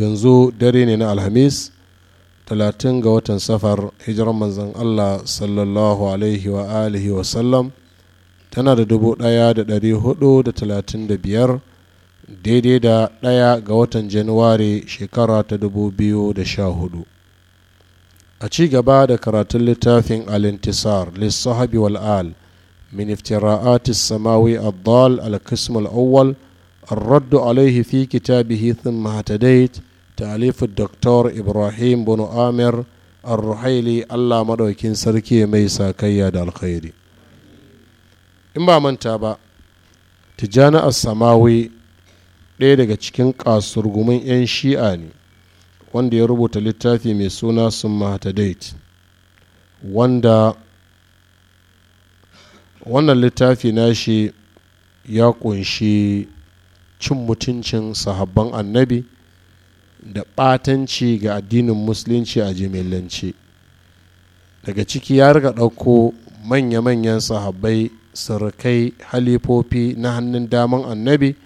yanzu dare ne na alhamis talatin ga watan safar hijiran manzan allah sallallahu alaihi wa alihi wa sallam tana da dubu daya da dari hudu da talatin da biyar daidai da daya ga watan januwari shekara ta dubu biyu da sha hudu a ci gaba da karatun littafin alintisar lissahabi wal'al min iftira'ati samawi addal al-qism al-awwal الرد عليه في كتابه ثم اهتديت talif Dr. Ibrahim bin Amir Ar-Ruhaili Allah madaukin sarki mai sakayya da alkhairi in ba manta ba Tijjani as ɗaya daga cikin kasurgumin 'yan shi'a ne wanda ya rubuta littafi mai suna Summa Hatadait wanda wannan littafi nashi ya ƙunshi cin mutuncin sahabban annabi da ɓatanci ga addinin musulunci a jimillanci daga ciki ya riga ɗauko manya-manyan sahabbai surukai halifofi na hannun daman annabi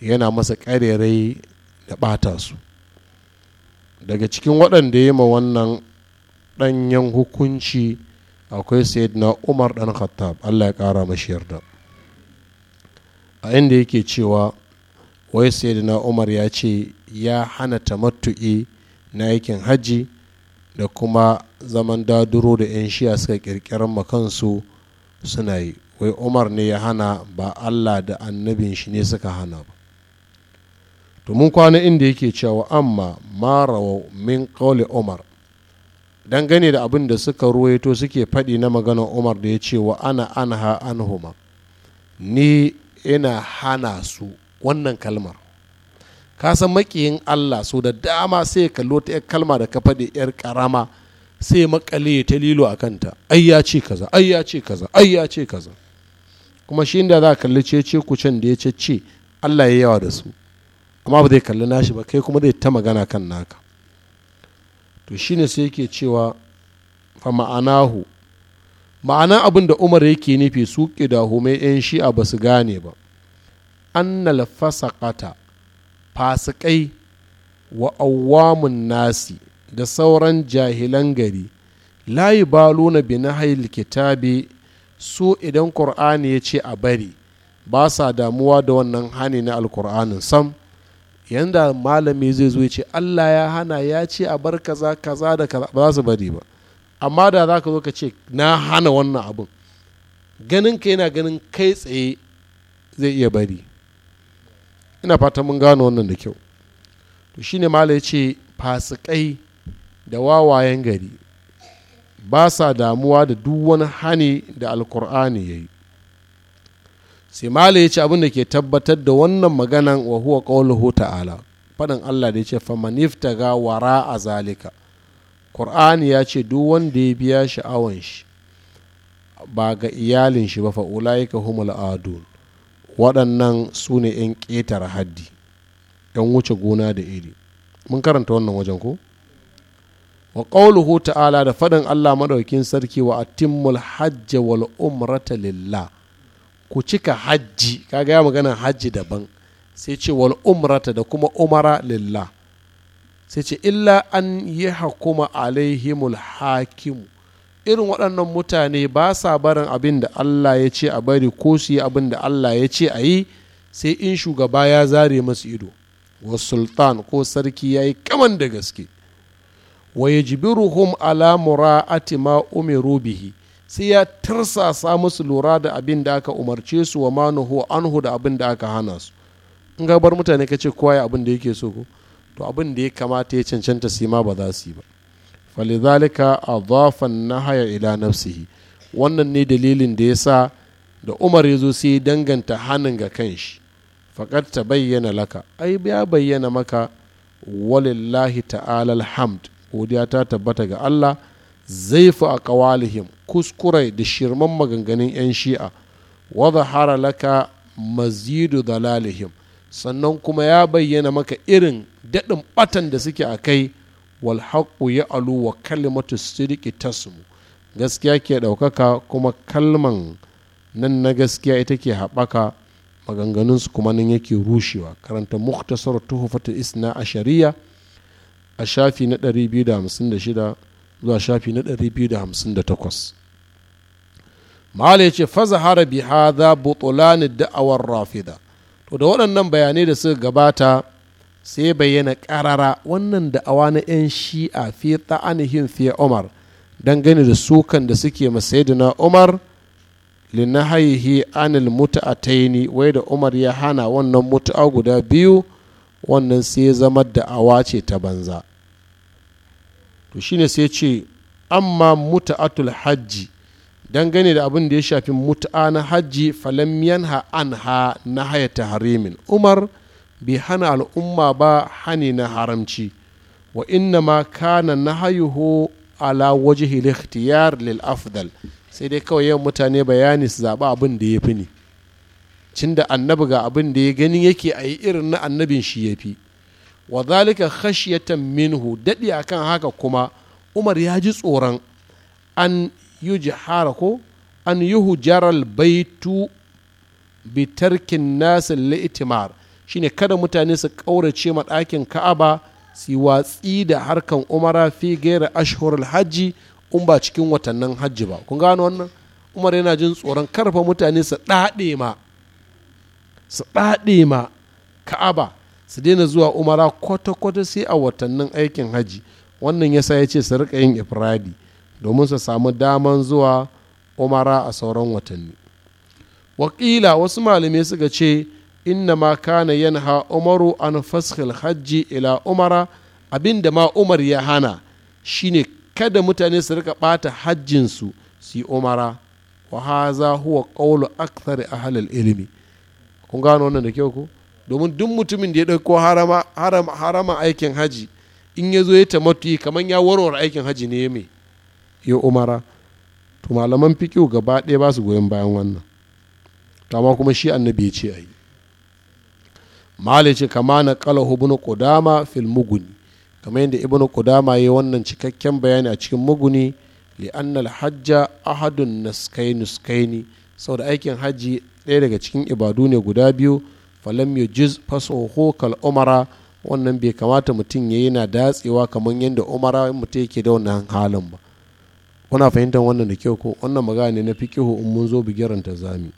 yana masa ƙarerai da ɓata su daga cikin waɗanda ya ma wannan ɗanyen hukunci akwai na umar ɗan khattab allah ya ƙara mashi yarda a inda yake cewa wai na umar ya ce ya hana tamattu'i na aikin hajji da kuma zaman daduro da 'yan shiya suka ma makansu suna yi wai umar ne ya hana ba allah da annabin shi ne suka hana ba domin kwana inda yake cewa amma marawa min kawai umar dangane da abin da suka ruwaito suke faɗi na maganar umar da ya ce wa ana anha anhuma ni ina hana su wannan kalmar ka san makiyin Allah so da dama sai kallo ta yar kalma da ka faɗi yar karama sai makale ta lilo a kanta ai ya ce kaza ai ya ce kaza ai ya ce kaza kuma shi inda za a kalli ce-ce ku can da ya ce ce Allah ya yawa da su amma ba zai kalli nashi ba kai kuma zai ta magana kan naka to shine sai yake cewa fa ma'anahu ma'ana abin da umar yake nufi su ƙidahu mai 'yan shi'a ba su gane ba annal fasaqata fasikai wa awwamun nasi da sauran jahilan gari layi ba luna bi nahayil kitabi su idan ƙur'ani ya ce a bari ba sa damuwa da wannan hani na alkur'anin sam yanda malami zai zo ce allah ya hana ya ce a bar kaza kaza da kaza ba za su bari ba amma da za ka zo ka ce na hana wannan abin ganin ka yana ganin kai tsaye zai iya bari ina fata mun gano wannan da kyau to shine mala ya ce fasikai da wawayen gari ba sa damuwa da duk wani hani da alkur'ani ya yi sai mala ya ce abin ke tabbatar da wannan maganan wa huwa qawluhu ta'ala faɗin Allah da ya ce faman ga wara a zalika ƙur'ani ya ce duk wanda ya biya sha'awan shi ba ga iyalin shi ba fa'ulaika humul adun waɗannan su ne 'yan ƙetare haddi 'yan wuce gona da iri mun karanta wannan wajen ko wa ƙauluhu ta'ala da faɗin allah maɗaukin sarki wa atimmul hajji wal umrata lillah ku cika hajji kaga ya magana hajji daban sai ce wal umrata da kuma umara lillah sai ce illa an yi hakuma alaihimul hakimu irin waɗannan mutane ba sa barin abin da allah ya ce a bari ko su yi abin da allah ya ce a yi sai in shugaba ya zare masu ido wa sultan ko sarki ya yi kaman da gaske wa yajbiruhum ala mura'ati ma umiru bihi sai ya tarsasa musu lura da abin da aka umarce su wa manuhu anhu da abin da aka hana su in ga bar mutane ka ce kowa ya abin da yake so ko to abin da ya kamata ya cancanta sai ma ba za su yi ba falizalika adhafan nahaya ila nafsihi wannan ne dalilin da ya sa da umar ya zo sai ya danganta hannun ga kan shi. faƙar ta bayyana laka ai ya bayyana maka walillahi ta'ala alhamd godiya ta tabbata ga Allah zaifu a ƙawalihim kuskurai da shirman maganganun 'yan shi'a wadda hara laka mazidu dalalihim sannan kuma ya bayyana maka irin daɗin ɓatan da suke a kai walhaƙu ya alu wa kalimatu sidiki tasmu gaskiya ke ɗaukaka kuma kalman nan na gaskiya ita ke haɓaka maganganunsu kuma nan yake rushewa karanta muktasar tuhufatul isna a shari'a a shafi na 256 zuwa shafi na 258 ya ce faza harabi hadha butulani da'awar rafida to da waɗannan bayanai da suka gabata sai bayyana karara wannan da awa na 'yan shi'a fi ta'anihin fiye umar dangane da sukan da suke masayidina umar linahayihi anil muta'ataini wai da umar ya hana wannan mutu'a guda biyu wannan sai ya zama awa ce ta banza to shine sai ce amma muta'atul hajji dangane da abin da ya shafi mutu'a na hajji ha an ha na hayata harimin umar bai hana al'umma ba hani na haramci wa inna ma kana haihu ala waje al lil afdal sai dai kawai yawan mutane bayani su zaɓi abin da ya fi ne cin da annabi ga abin da ya gani yake a yi irin na annabin shi ya fi wa zalika khashyatan minhu daɗi a kan haka kuma umar ya ji tsoron an yi jihara ko an yi hujjarar baitu bitarkin nasu li'itimar shine kada mutane su ƙaurace ma ɗakin ka'aba su watsi da harkan umara fi gaira ashhur hajji in ba cikin watannin hajji ba kun gano wannan umar yana jin tsoron karfa mutane su ɗaɗe ma su ɗaɗe ma ka'aba su daina zuwa umara kwata-kwata sai a watannin aikin hajji wannan yasa ya ce su rika yin ifradi domin su samu daman zuwa umara a sauran watanni wakila wasu malamai suka ce inna ma kana ha umaru an fasil hajji ila umara abinda ma umar ya hana shine kada mutane su rika bata hajjinsu su yi umara wa haza huwa qawlu a ahlil ilimi kun gano wannan da kyau ku domin duk mutumin da ya dauko harama aikin haji in ya zo ya tamattu kamar ya warware aikin haji ne me ya umara to malaman fikihu gaba ɗaya ba su goyon bayan wannan ta ma kuma shi annabi ya ce a yi malai ce kama na kala ibn kodama fil muguni kamar yadda ibn ya yi wannan cikakken bayani a cikin muguni li annal hajja ahadun naskai sau da aikin hajji ɗaya daga cikin ibadu ne guda biyu falam yujiz fasoho kal umara wannan bai kamata mutum ya yi na datsewa kamar yadda umara mutum yake da wannan halin ba kuna fahimtar wannan da kyau ko wannan magana ne na fi fikihu in mun zo bigiranta zami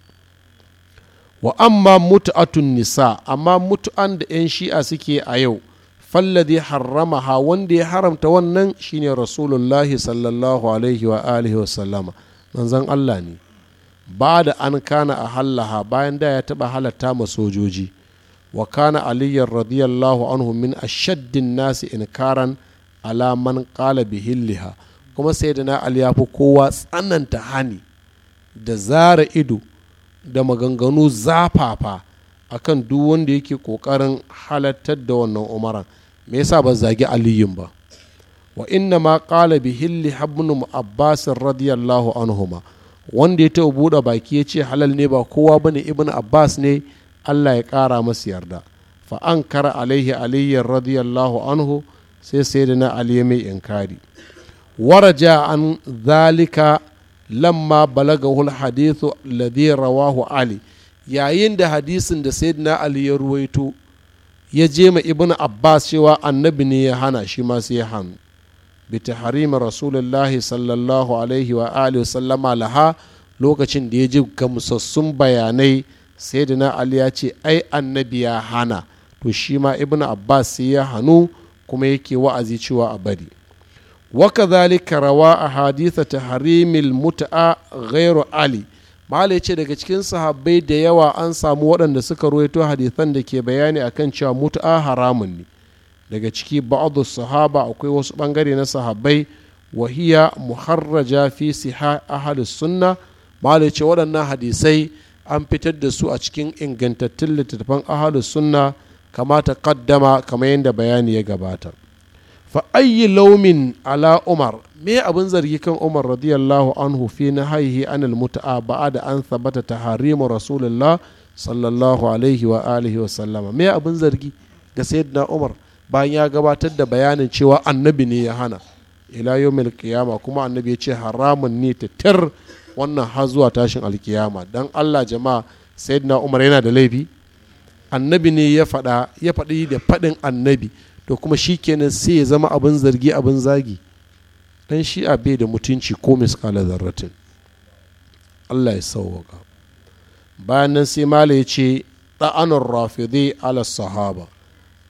wa amma mutu'atun nisa amma mutu'an da 'yan shi'a suke a yau falladi harramaha wanda ya haramta wannan shine rasulullahi sallallahu alaihi wa alihi wa sallama manzon Allah ne ba da an kana a hallaha bayan da ya taba halatta ma sojoji wa kana aliyyar radiyallahu anhu min ashaddin nasi inkaran ala man qala bihilliha kuma sayyidina ali ya fi kowa tsananta hani da zara ido da maganganu zafafa a kan duk wanda yake kokarin halattar da wannan umaran me yasa ba zagi aliyun ba wa inna ma qala bi hilli habnu abbas radiyallahu anhuma wanda ya ta buɗe baki ya ce halal ne ba kowa bane ibn abbas ne allah ya ƙara masa yarda fa an kara alaihi aliyyar radiyallahu anhu sai sai da na aliyu mai inkari waraja an zalika lamma balagahul hadithu ladhi rawahu ali yayin da hadisin da sayyidina ali ya ruwaito ya je ma ibn abbas cewa annabi ne ya hana shi ma sai hannu bi tahrimi rasulullahi sallallahu alaihi wa alihi sallama laha lokacin da ya ji gamsassun bayanai sayyidina ali ya ce ai annabi ya hana to shi ma ibn abbas sai ya hannu kuma yake wa'azi cewa a bari وكذلك روى أحاديث تحريم المتعة غير علي malai ce daga cikin sahabbai da yawa an samu waɗanda suka ruwaito hadisan da ke bayani akan cewa mutu'a haramun ne daga ciki ba'adu sahaba akwai wasu ɓangare na sahabbai wahiya muharraja fi siha ahalus sunna malai ce waɗannan hadisai an fitar da su a cikin ingantattun littattafan ahalus sunna kamata kaddama kamar yadda bayani ya gabata fa ayyi laumin ala umar me abin zargi kan umar radiyallahu anhu fi na haihi anil muta'a ba'a da an sabata ta harimu rasulullah sallallahu alaihi wa alihi wa sallama me abin zargi ga sayyidina umar bayan ya gabatar da bayanin cewa annabi ne ya hana ila yawmil qiyama kuma annabi ya ce haramun ne ta tir wannan har zuwa tashin alkiyama dan Allah jama'a sayyidina umar yana da laifi annabi ne ya ya faɗi da faɗin annabi to kuma shi kenan sai ya zama abin zargi abin zagi dan shi a bai da mutunci ko miskala zarratin allah ya sauwaka bayan nan sai mala ya ce ɗa'anar rafidai ala sahaba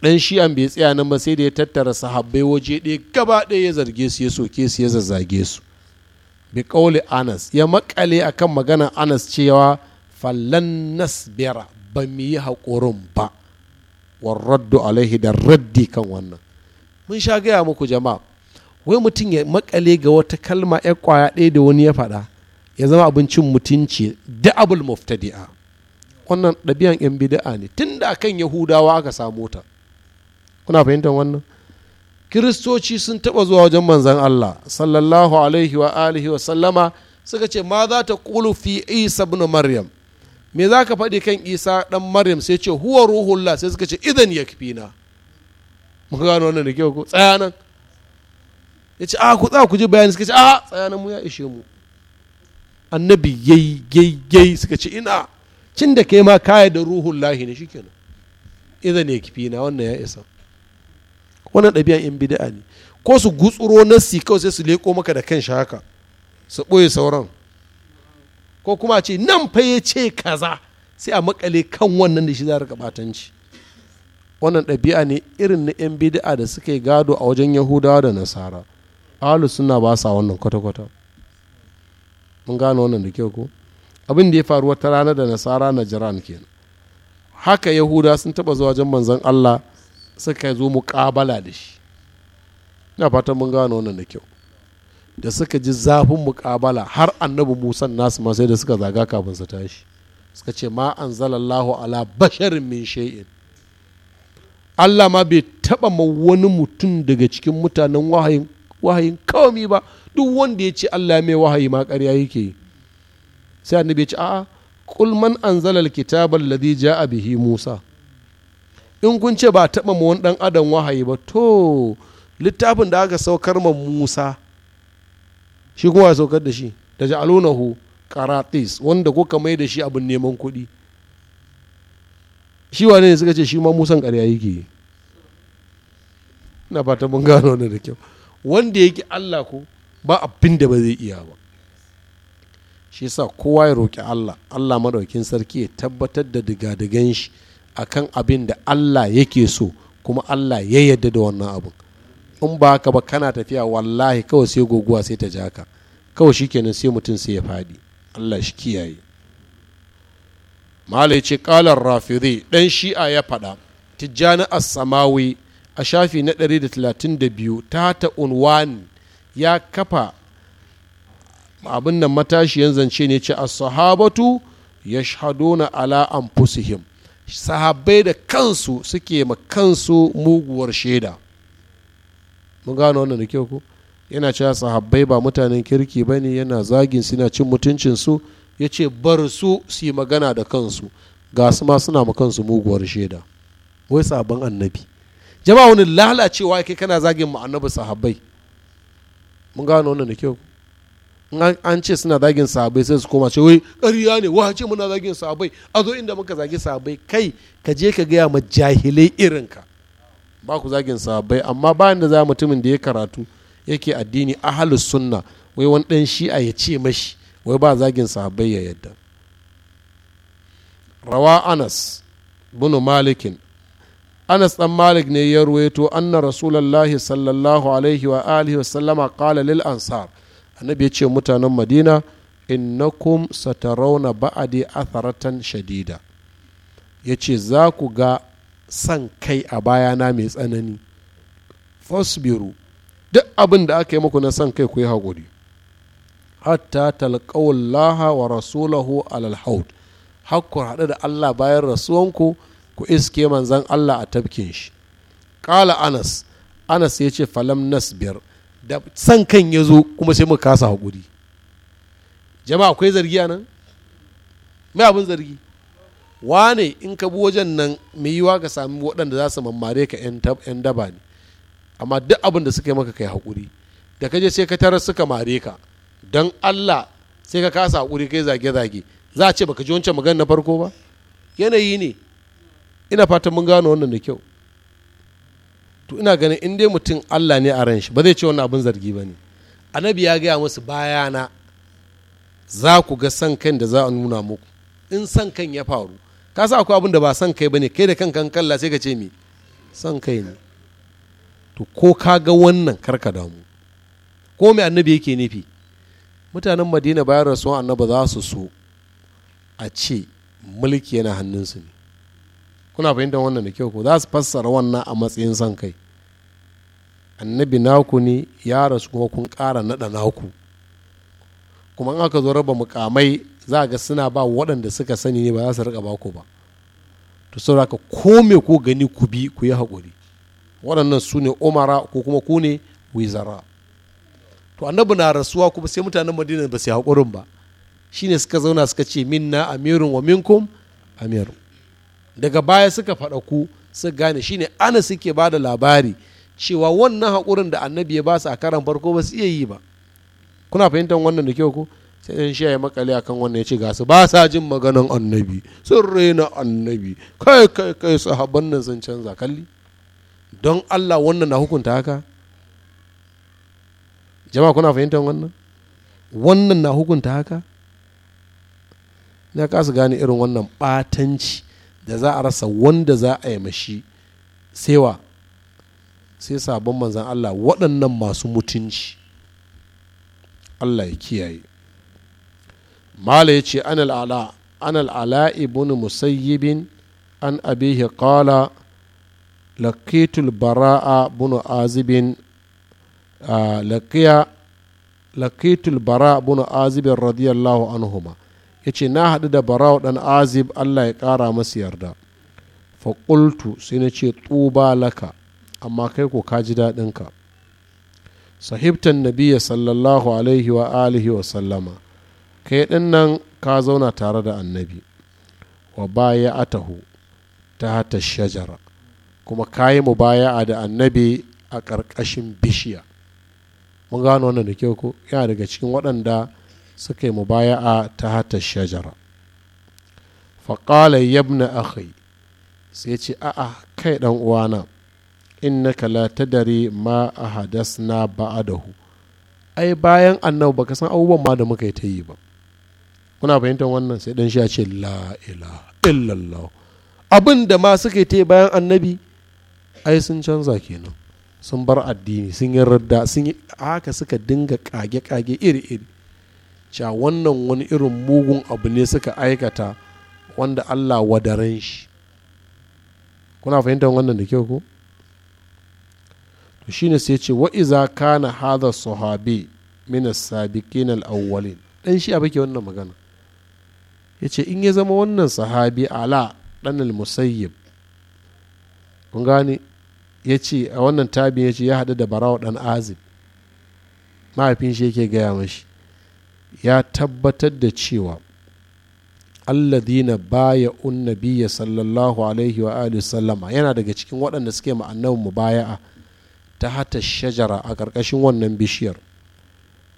dan shi an bai tsaya nan ba sai da ya tattara sahabbai waje ɗaya gaba ɗaya ya zarge su ya soke su ya zazzage su bi kauli anas ya makale akan magana anas cewa fallan nasbira ba mu yi haƙurin ba warraddu alaihi da raddi kan wannan mun sha gaya muku jama'a wai mutum ya makale ga wata kalma ya kwaya ɗaya da wani ya faɗa ya zama abincin mutunci da'abul muftadi'a wannan ɗabi'an yan bida'a ne tun da kan yahudawa aka samu ta kuna fahimtar wannan kiristoci sun taɓa zuwa wajen manzan allah sallallahu alaihi wa alihi wa sallama suka ce ma za ta kulu fi isa bin maryam me za ka faɗi kan isa ɗan maryam sai ce huwa ruhullah sai suka ce idan ya na muka gano wannan da kyau ko tsayanan ya ce a ku tsaya ku ji bayani suka ce a tsayanan mu ya ishe mu annabi yayi yayi suka ce ina cin da kai ma kaya da ruhun lahi ne shikenan idan ya na wannan ya isa wannan ɗabi'an in bid'a ne ko su gutsuro nassi kawai sai su leko maka da kan shi haka su ɓoye sauran ko kuma ce nan fa ya ce kaza sai a makale kan wannan da shi za rika batanci wannan ɗabi'a ne irin na 'yan bid'a da suka yi gado a wajen yahudawa da nasara alu suna ba sa wannan kwata-kwata mun gano wannan da kyau ko abin da ya faru wata rana da nasara na jiran kenan haka yahuda sun taba zuwa wajen manzon allah suka zo kabala da shi ina fatan mun gano wannan da kyau da suka ji zafin muƙabala har annabi musa nasu ma sai da suka zaga kafin su tashi suka ce ma an ala basharin min shay'in allah ma bai taɓa ma wani mutum daga cikin mutanen wahayin kawami ba duk wanda ya ce allah mai wahayi ma karya yake yi sai annabi ya ce a'a kul man anzala alkitaba ja a bihi musa in kun ce ba taɓa ma wani ɗan adam wahayi ba to littafin da aka saukar ma musa shi kowa ya saukar da shi da ja'alunahu karatis wanda ka mai da shi abin neman kuɗi shi wane ne suka ce shi ma musan ƙarya yake na fata mun gano wani da kyau wanda yake allah ko ba abin da ba zai iya ba shi sa kowa ya roƙi allah allah maɗaukin sarki ya tabbatar da digadigan shi akan abin da allah yake so kuma allah ya yarda da wannan abin in ba ka ba kana tafiya wallahi kawai sai guguwa sai ta ja ka kawai shikenan sai mutum sai ya faɗi allah shi kiyaye malai ce kalar rafiri dan shi'a ya faɗa tijjani as-samawi a shafi na 132 ta ta unwani ya kafa abin nan matashiyan zance ne ce a sahabatu yashhaduna ala anfusihim sahabai da kansu suke ma kansu muguwar shaida mun gano wannan da kyau ko yana cewa sahabbai ba mutanen kirki ba ne yana zagin suna cin mutuncin su ya ce bar su su yi magana da kansu ga su ma suna ma kansu muguwar shaida wai sabon annabi jama'a wani lalacewa kai kana zagin mu annabi sahabbai mun gano wannan da kyau an ce suna zagin sahabbai sai su koma ce wai ƙarya ne wa ce muna zagin sahabbai a zo inda muka zagi sahabbai kai ka je ka gaya ma jahilai irinka ba ku zagin sahabbai amma bayan da za mutumin da ya karatu yake addini ahalus sunna wai wani ɗan shi'a ya ce mashi wai ba zagin sahabbai ya yadda rawa anas bunu malikin anas ɗan malik ne ya ruwaito anna rasulallahi sallallahu alaihi wa alihi wa sallama qala lil ansar annabi ya ce mutanen madina innakum satarauna ba'adi atharatan shadida ya ce za ku ga San kai a bayana mai tsanani fasbiru duk abin da aka yi muku na san kai ku yi haƙuri hatta Laha wa rasulahu alal haud haɗu da Allah bayan rasuwanku ku iske manzan Allah a tafkin shi ƙala anas anas ya ce falam nasbir da san kan ya zo kuma sai mu kasa haƙuri jama'a akwai zargi a nan mai abin zargi wane in ka bi wajen nan mai yiwa ka sami waɗanda za su mammare ka 'yan daba ne amma duk abin da suka yi maka kai haƙuri da ka je sai ka tarar suka mare ka don allah sai ka kasa haƙuri kai zage-zage za a ce baka ji wancan magana na farko ba yanayi ne ina fatan mun gano wannan da kyau to ina ganin in dai mutum allah ne a ran shi ba zai ce wannan abin zargi ba ne annabi ya gaya musu bayana za ku ga san kan da za a nuna muku in san kan ya faru ka sa akwai abin da ba son kai ba ne kai da kankan kalla sai ka ce mi son kai ne to ko ka ga wannan karka damu ko mai annabi yake nufi mutanen madina bayan rasuwan annabi za su so a ce mulki yana hannunsu ne kuna fahimtar wannan da kyau ko za su fassara wannan a matsayin son kai annabi naku ne ya rasu kuma kun kara naɗa naku kuma in aka zo raba mukamai za ga suna ba waɗanda suka sani ne ba za su riƙa ba ku ba to sauraka ko me ko gani ku bi ku yi haƙuri waɗannan su ne umara ko kuma ku ne wizara to annabi na rasuwa kuma sai mutanen madina ba su yi haƙurin ba shine suka zauna suka ce minna amirun wa minkum amiru daga baya suka faɗa ku suka gane shine ana suke ba da labari cewa wannan haƙurin da annabi ya ba su a karan farko ba su iya yi ba kuna fahimtar wannan da kyau ko sai in shi ya a akan wannan ya ce ga su ba sa jin maganan annabi sun raina annabi kai kai kai sahabban nan sun canza kalli don allah wannan na hukunta haka jama'a kuna fahimtar wannan wannan na hukunta haka na kasa gane irin wannan batanci da za a rasa wanda za a yi mashi sewa sai sabon manzan allah waɗannan masu mutunci allah ya kiyaye mala ya ce anal ala ibn musayyibin an abihi qala laqitul bara'a bunu azibin laqiya laqitul bara'a bunu azibin radiyallahu anhuma yace na haɗu da bara'u dan azib Allah ya ƙara masa yarda faƙultu sai na ce tuba laka amma kai ko ka ji daɗinka sahibtan nabiya sallallahu alaihi wa alihi wa sallama kai ɗin nan ka zauna tare da annabi wa baya atahu ta hata shajara kuma ka yi mu baya a da annabi a ƙarƙashin bishiya mun gano wannan da kyau ko yana daga cikin waɗanda suka yi mu baya a ta hata shajara faƙala yabna akhi sai ce a'a kai ɗan uwana kala ta dare ma ahadasna ba'adahu ai bayan annabi baka san abubuwan ma da muka yi ta yi ba kuna fahimtar wannan sai dan shi ya ce la ilaha illallah abin da ma suke te bayan annabi ai sun canza kenan sun bar addini sun yi radda sun yi haka suka dinga kage-kage iri-iri cewa wannan wani irin mugun abu ne suka aikata wanda allah wadaran shi kuna fahimtar wannan da kyau ko to shine sai ce iza kana hadha sahabi min as-sabiqin al-awwalin dan shi abake wannan magana ya ce in ya zama wannan sahabi ala ɗan musayyib kun gani ya ce a wannan tabi ya ce ya haɗu da barawa ɗan azib mahaifin shi yake gaya mashi ya tabbatar da cewa alladhina baya unnabiya sallallahu alaihi wa alihi sallama yana daga cikin waɗanda suke ma'annan a ta hata shajara a ƙarƙashin wannan bishiyar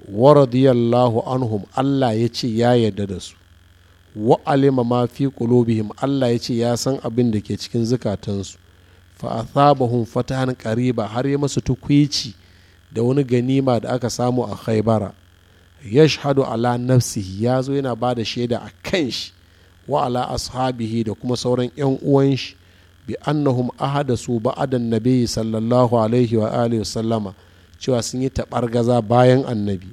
wa radiyallahu anhum Allah ya ce ya yarda da su wa alima ma fi qulubihim Allah ya ce ya san abin da ke cikin zukatansu fa athabahum fatahan qariba har ya masu tukwici da wani ganima da aka samu a khaybara yashhadu ala nafsihi ya zo yana ba da shaida a kan shi wa ala ashabihi da kuma sauran yan uwan shi bi annahum ahadasu ba'adan nabiyyi sallallahu alaihi wa alihi wa sallama cewa sun yi taɓargaza bayan annabi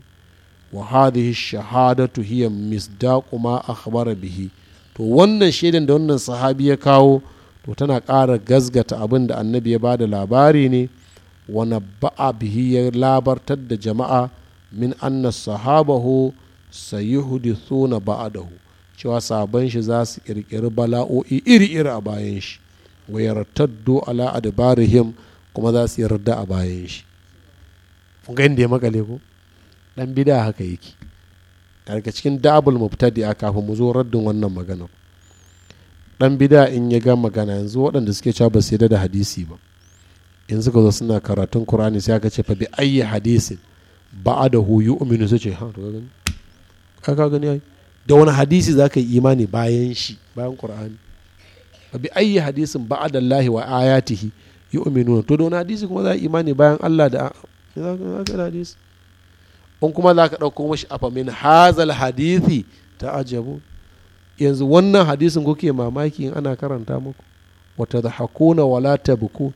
wa hadhihi shahadatu hiya misdaqu ma akhbara bihi to wannan shaidan da wannan sahabi ya kawo to tana ƙara gazgata abin da annabi ya bada labari ne wani ba'a bihi ya labartar da jama'a min anna sahabahu sayuhdithuna ba'dahu cewa sabon shi za su kirkiri bala'o'i iri-iri a bayan shi wa yartaddu ala adbarihim kuma za su yarda a bayan shi kun ga inda ya makale ko dan bida haka yake daga cikin dabul a kafin mu zo raddin wannan magana dan bida in ya ga magana yanzu waɗanda suke cewa ba su da hadisi ba in suka zo suna karatun qur'ani sai aka ce fa bi ayyi hadisin ba'adahu yu'minu sai ce ha to gani ka gani ai da wani hadisi za ka yi imani bayan shi bayan qur'ani fa bi ayyi hadisin ba'adallahi wa ayatihi yu'minu to da wani hadisi kuma za yi imani bayan Allah da hadisi in kuma za ka ɗauko mashi a famin hazal hadithi ta ajabu yanzu wannan hadisin kuke mamaki in ana karanta muku wata da hakuna wala buku.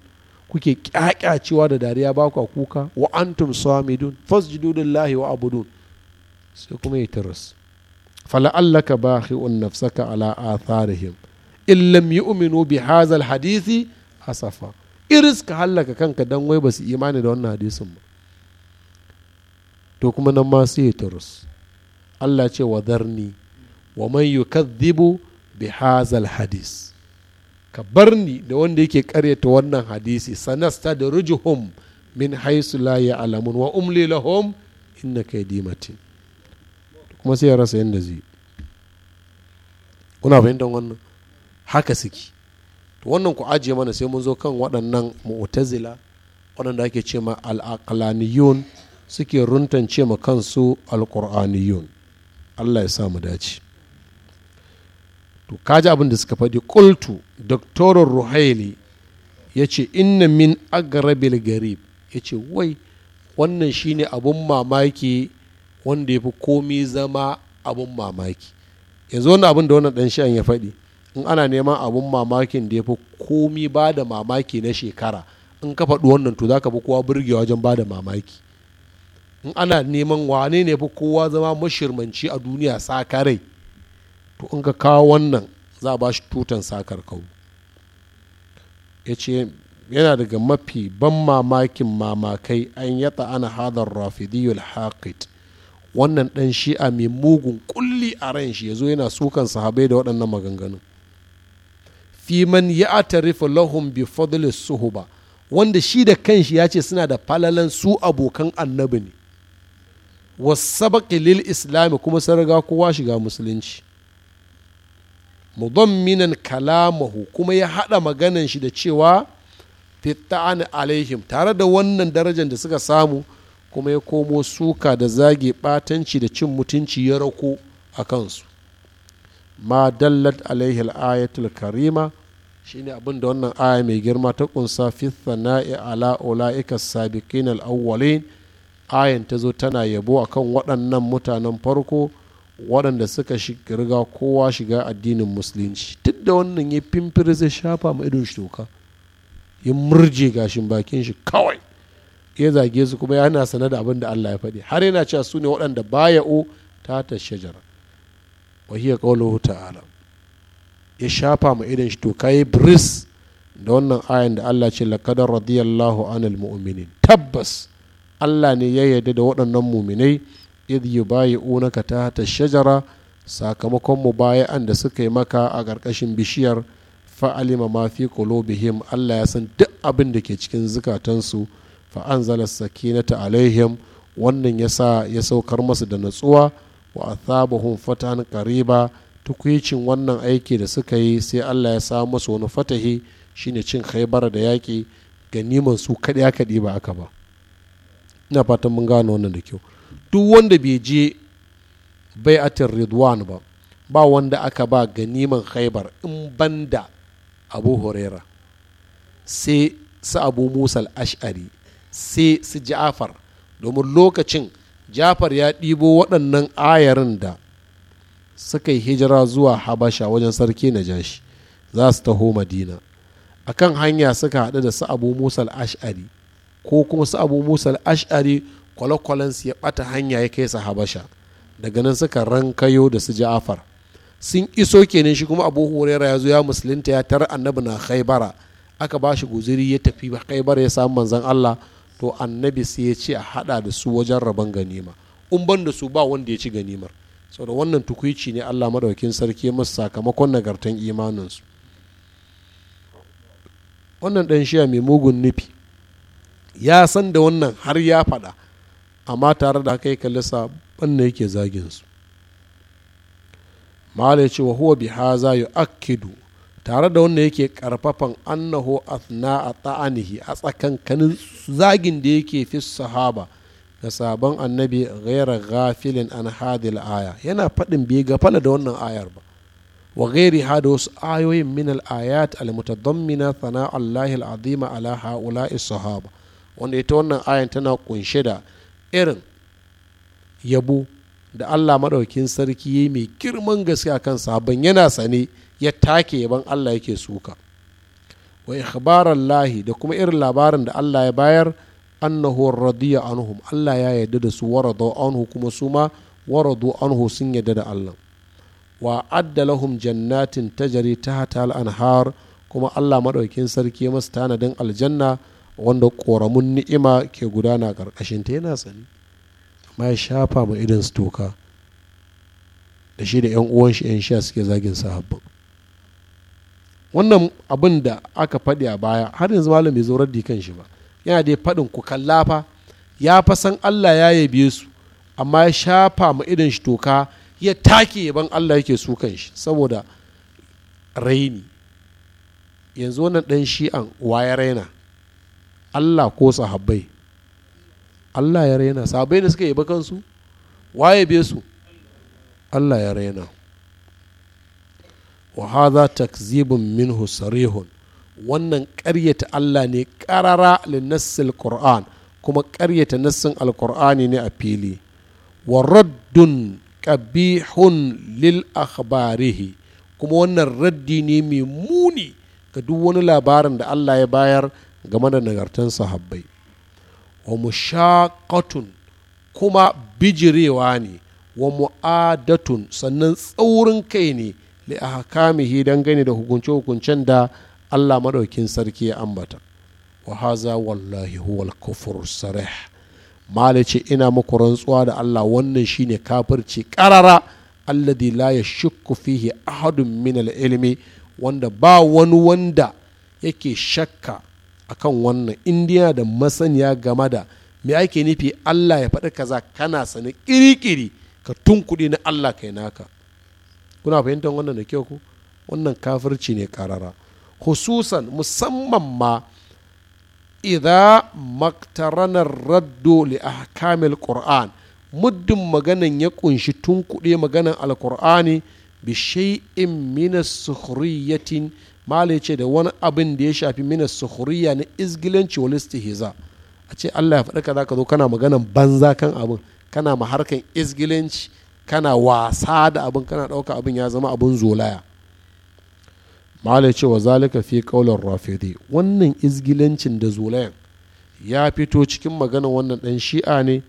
kuke kyakyacewa da dariya ba ku kuka wa antum samidun fasjudu lahi wa abudun sai kuma ya taras fala'allaka bakhi'un nafsaka ala atharihim in lam yu'minu bi hadhihi hadisi asafa iris ka hallaka kanka dan wai basu imani da wannan hadisin ba to kuma nan ma sai turus Allah ce wa zarni wa man yukadhibu bi hazal hadis ka barni da wanda yake karyata wannan hadisi sanasta da rujuhum min haisu la ya'lamun wa umli lahum innaka kaydi kuma sai ya rasa yanda zai kuna fahimtar wannan haka suke to wannan ku ajiye mana sai mun zo kan waɗannan mu'tazila waɗanda ake ce ma al-aqlaniyun suke runtance ma kansu alƙur'aniyun allah ya samu dace to kaji abin da suka faɗi ƙultu doktorin ruhaili ya ce inna min agarabil garib ya ce wai wannan shine abun mamaki wanda ya fi komi zama abun mamaki yanzu wani abin da wannan ɗan shan ya faɗi in ana neman abun mamakin da ya fi komi ba da mamaki na shekara in ka faɗi wannan to za ka fi kowa burgewa wajen ba da mamaki in ana neman wane ne fi kowa zama mashirmanci a duniya sakarai to in ka kawo wannan za a ba shi tutan sakar kawo ya ce yana daga mafi ban mamakin mamakai an yata ana hadar rafidiyul haqid wannan dan shi'a mai mugun kulli a ran shi yazo yana sukan sahabai da waɗannan maganganun fi man ya tarifa lahum bi fadlis suhuba wanda shi da kanshi ya ce suna da falalan su abokan annabi ne wasabaki lil islami kuma sun riga kowa shiga musulunci mudamminan kalamahu kuma ya haɗa maganan shi da cewa fitta'an alaihim tare da wannan darajar da suka samu kuma ya komo suka da zage batanci da cin mutunci ya rako a kansu ma dallat alaihi al'ayatul karima shine abin da wannan aya mai girma ta kunsa fi na'i ala ulaika sabiqin al'awwalin awwalin ayan ta zo tana yabo a kan waɗannan mutanen farko waɗanda suka riga kowa shiga addinin musulunci duk da wannan ya fimfir zai shafa ma idon shi toka ya murje gashin bakin shi kawai ya zage su kuma yana sanar da abin da Allah ya faɗi har yana cewa su ne waɗanda baya o ta ta shajara wa hiya qawluhu ta'ala ya shafa ma idon shi toka ya bris da wannan ayan da Allah ce lakadar radiyallahu anil mu'minin tabbas Allah ne ya yarda da waɗannan muminai idh yubayi'unaka tahta shajara sakamakon baya da suka yi maka a ƙarƙashin bishiyar fa'alima ma fi qulubihim Allah ya san duk abin da ke cikin zukatansu fa anzala sakinata alaihim wannan yasa ya saukar masu da natsuwa wa athabahum fatan qariba tukwicin wannan aiki da suka yi sai Allah ya sa masu wani fatahi shine cin khaybar da yaki ganiman su kaɗi aka ba aka ba ina fatan mun gane wannan da kyau duk wanda bai je bai atin ridwan ba ba wanda aka ba ganiman haibar in banda abu huraira sai su abu musal ash'ari sai su ja'afar domin lokacin ja'afar ya ɗibo waɗannan ayarin da suka yi hijira zuwa habasha wajen sarki na jashi za su taho madina akan hanya suka haɗu da su abu musal ash'ari ko kuma su abu musa al'ashari kwale su ya bata hanya ya kai su habasha daga nan suka rankayo da su ja'afar sun iso kenan shi kuma abu huraira ya zo ya musulunta ya tar annabi na haibara aka ba shi guziri ya tafi haibara ya samu manzan allah to annabi sai ya ce a hada da su wajen rabon ganima in ban da su ba wanda ya ci ganimar da wannan tukuici ne allah madaukin sarki masu sakamakon nagartan imaninsu wannan dan shiya mai mugun nufi ya san da wannan har ya faɗa amma tare da haka yi kalli saɓan yake zagin su malai ce wa huwa bi haza yu akidu tare da wanda yake karfafan annahu athna a ta'anihi a tsakankanin zagin da yake fi sahaba ga sabon annabi ghaira ghafilin an hadil aya yana faɗin bai gafala da wannan ayar ba wa ghairi hada wasu ayoyin min al ayat al mutadammina thana allahi al azima ala haula'i sahaba wanda ita wannan ayan tana kunshe da irin yabo da allah maɗaukin sarki ya mai girman gaske a kan sabon yana sane ya take yaban allah yake suka wa ikhbarar lahi da kuma irin labarin da allah ya bayar annahu radiya anhum allah ya yarda da su waradu anhu kuma su ma waradu anhu sun yarda da allah wa adda lahum jannatin tajari tahta al-anhar kuma allah maɗaukin sarki ya masu tanadin aljanna wanda ƙoramun ni'ima ke gudana ƙarƙashin ta yana sani amma ya shafa ma idan su toka da shi da 'yan uwan shi 'yan sha suke zagin sahabban wannan abin da aka faɗi a baya har yanzu malam bai zaurar da kan shi ba yana dai faɗin ku kalla fa ya fa san Allah ya yabe su amma ya shafa ma idan shi toka ya take yaban Allah yake su kan shi saboda raini yanzu wannan ɗan shi'an waya raina Allah ko sahabbai Allah ya raina sahabbai ne suka yi kansu waye biye su Allah ya raina wa hadha takzibun minhu sarihun wannan ƙaryata Allah ne ƙarara linnassil Qur'an kuma ƙaryata nassin alkur'ani ne a fili wa raddun qabihun lil akhbarihi kuma wannan raddi ne mai muni ga duk wani labarin da Allah ya bayar game da nagartan sahabbai wa mushaqatun kuma bijirewa ne wa mu'adatun sannan tsaurin kai ne li ahkamihi dangane da hukunce-hukuncen da Allah maɗaukin sarki ya ambata wa haza wallahi huwal kufur sarih malice ina muku rantsuwa da Allah wannan shine kafirci karara alladhi la ya yashukku fihi ahadun min al-ilmi wanda ba wani wanda yake shakka akan wannan indiya da masaniya game da me ake nufi allah ya faɗi kaza kana sani ƙiriƙiri ka tunkuɗi na allah kai naka kuna fahimtar wannan da kyau ku wannan kafirci ne karara hususan musamman ma idza maktaranar raddo li ahkamil qur'an muddin maganan ya kunshi tunkuɗe maganan alkur'ani bi shay'in min malai ce da wani abin da ya shafi mina sukhriya na izgilanci wal istihza a ce Allah ya faɗi kaza ka zo kana maganan banza kan abin kana ma harkan izgilanci kana wasa da abin kana ɗauka abin ya zama abin zolaya malai ce wa zalika fi qaulir rafidi wannan izgilancin da zolayan ya fito cikin maganan wannan dan shi'a ne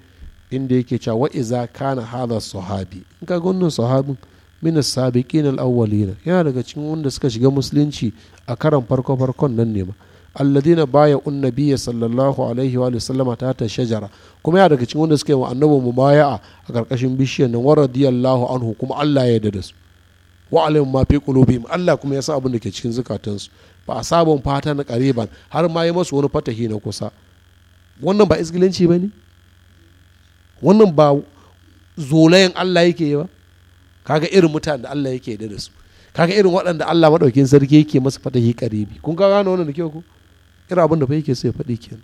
inda yake cewa wa iza kana hadha sahabi in ka ga wannan sahabin min as-sabiqin al-awwalin yana daga cikin wanda suka shiga musulunci a karan farko farkon nan ne ma alladina baya unnabiya sallallahu alaihi wa sallama ta ta shajara kuma yana daga cikin wanda suka yi wa annabi mubaya'a a karkashin bishiyar nan waradiyallahu anhu kuma Allah ya yarda da su wa alaihim ma fi qulubihim Allah kuma ya san abin da ke cikin su ba a sabon fata na kariban har ma yi masu wani fatahi na kusa wannan ba isgilanci ba wannan ba zolayen Allah yake yi ba kaga irin mutanen da Allah yake da su kaga irin waɗanda Allah maɗaukin sarki yake masa fatahi karibi kun ka gano wannan da kyau ko irin abin da fa yake so ya faɗi ya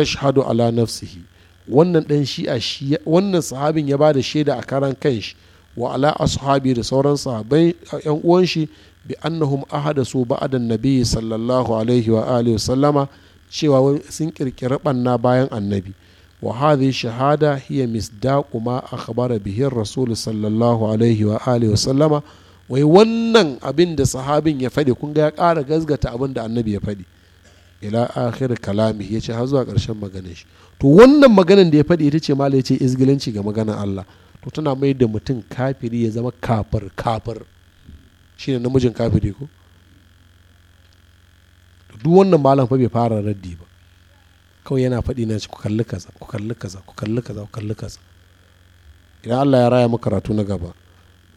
yashhadu ala nafsihi wannan dan a shi wannan sahabin ya bada shaida a karan kanshi wa ala ashabi da sauran sahabbai yan uwan shi bi annahum ahada su ba'da nabi sallallahu alaihi wa alihi wa sallama cewa sun kirkiri banna bayan annabi wa shahada hiya misdaqu ma akhbara bihi rasul sallallahu alaihi wa alihi wai wannan abin da sahabin ya faɗi kun ga ya kara gazgata abin da annabi ya faɗi ila akhir kalami ya ce har zuwa karshen maganar shi to wannan maganar da ya faɗi ita ce mala ya ce izgilanci ga maganar Allah to tana mai da mutum kafiri ya zama kafir kafir shine namijin kafiri ko duk wannan malam fa bai fara raddi ba kawai yana faɗi na ku kalli kaza ku kalli kaza ku kalli kaza ku kalli kaza idan Allah ya raya mu karatu na gaba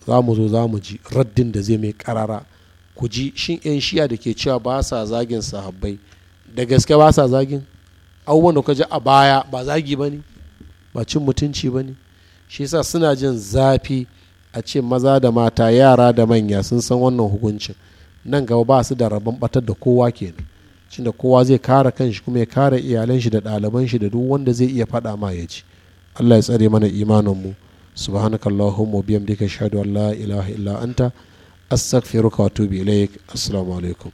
za mu zo za mu ji raddin da zai mai karara ku ji shin yan shiya da ke cewa ba sa zagin sahabbai da gaske ba sa zagin abubuwan da ka ji a baya ba zagi ba ne ba cin mutunci ba ne shi yasa suna jin zafi a ce maza da mata yara da manya sun san wannan hukuncin nan gaba ba su da rabon batar da kowa kenan da kowa zai kare kanshi kuma ya kare iyalan shi da ɗaliban shi da duk wanda zai iya faɗa ma ya ci Allah ya tsare mana imanin mu subhanakallahumma dika shahadu an la ilaha illa anta astaghfiruka wa atubu ilaik assalamu alaikum